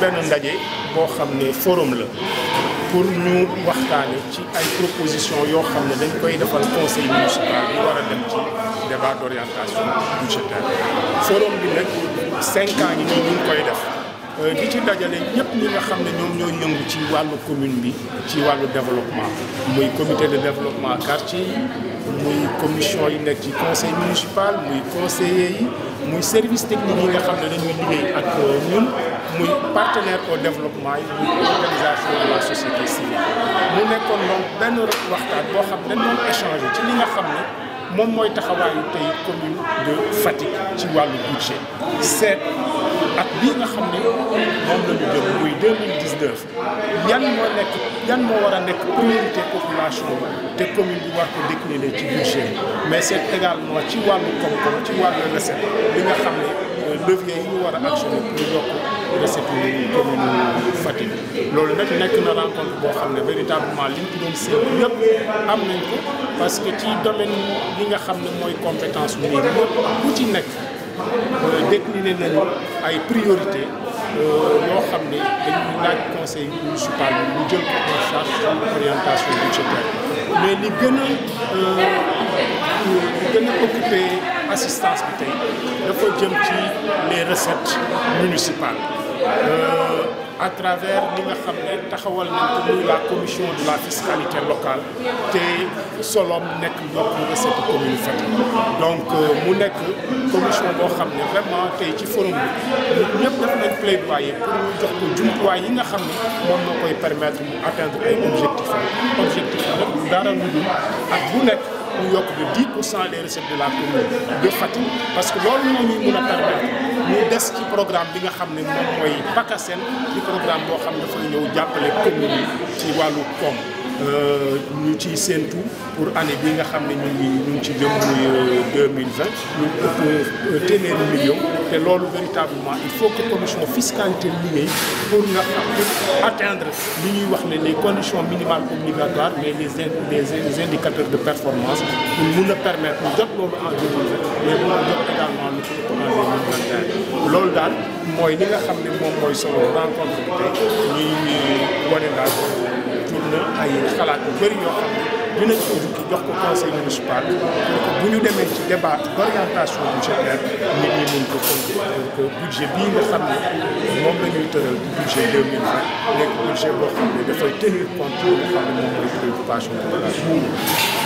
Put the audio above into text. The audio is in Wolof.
benn ndaje boo xam ne forum la pour ñu waxtaane ci ay proposition yoo xam ne dañ koy defal conseil municipal bi war a dem ci débat d' orientation budgétaire forum bi nag cinq yi ñu ngi koy def Euh, di ci dajale ñëpp ñi nga xam ne ñoom ñooy yëngu ci wàllu commune bi ci wàllu développement muy comité de développement quartier yi muy commission yi nekk ci conseil municipal muy conseiller yi muy service technique yi nga xam ne dañuy liggéey ak euh, ñun muy partenaire au développement yi muy organisation de la société civile mu nekkoon donc benn waxtaan boo xam ne dañu échanger ci li nga xam ne moom mooy taxawaayu tey commune de Fatick ci wàllu budget ak bii nga xam ne moom la ñu jëm muy 2019 yan moo nekk yan moo war a nekk priorité population bi te commune bi war ko décliner ci budget mais c'est également ci wàllu koom ci wàllu recette li nga xam ne euh, levier yi ñu war a actionné pour yokk recette yi commune Fatick loolu nag nekk na rencontre boo xam ne véritablement liñ ko doon séntu yëpp am nañ ko parce que ci domaine yi nga xam ne mooy compétence bu ñuy ku ci nekk décliné nañu ay priorité euh, yoo xam ne dañuy laaj conseil municipal bi ñu jël ko en charge orientation budgétaire mais li gën a euh, li gën a assistance bi tey dafa jëm ci les recettes municipales euh, à travers li nga xam ne taxawal nañ ko muy la commission de la fiscalité locale te solom nekk yokk recette commune Fatick donc euh, mu nekk commission boo xam ne vraiment tey ci forum bi ñëpp def nañ plaidoyer pour jox ko jumtuwaay yi nga xam ne moom moo koy permettre mu atteindre ay objectifs objectifs nag dara mu dul ak nekk ñu yokk de 10 cent les recettes de la commune parce que loolu ñuy des ci programme bi nga xam ne moom mooy PACASEN di programme boo xam ne dafay ñëw jàppale commune yi ci wàllu koom Euh, ñu ciy séentu pour année bi nga xam ne ñu ngi ñu ci jëm muy euh, deux mille vingt ñu ëpp euh, téeméeri million te loolu véritablement il faut que commission fiscalité liggéey pour nga atteindre li ñuy wax ne les conditions minimales obligatoires mais les les de performance pour mun a permettre ñu jot loolu en deux mille vingt mais mun a jot également lu ko en deux mille loolu daal mooy li nga xam ne moom mooy solo rencontre bi ñuy wane daal. na ay xalaat yu bëri yoo xam ne dinañ ko jox ko conseil municipal pour ñu demee ci débat d'orientation budgétaire nit ñi mun ko pour que euh, budget bii nga xam ne moom la ñuy tëral di budget deux mille vingt budget boo xam ne dafay tenir compte yoo xam ne moom mooy préoccupation de la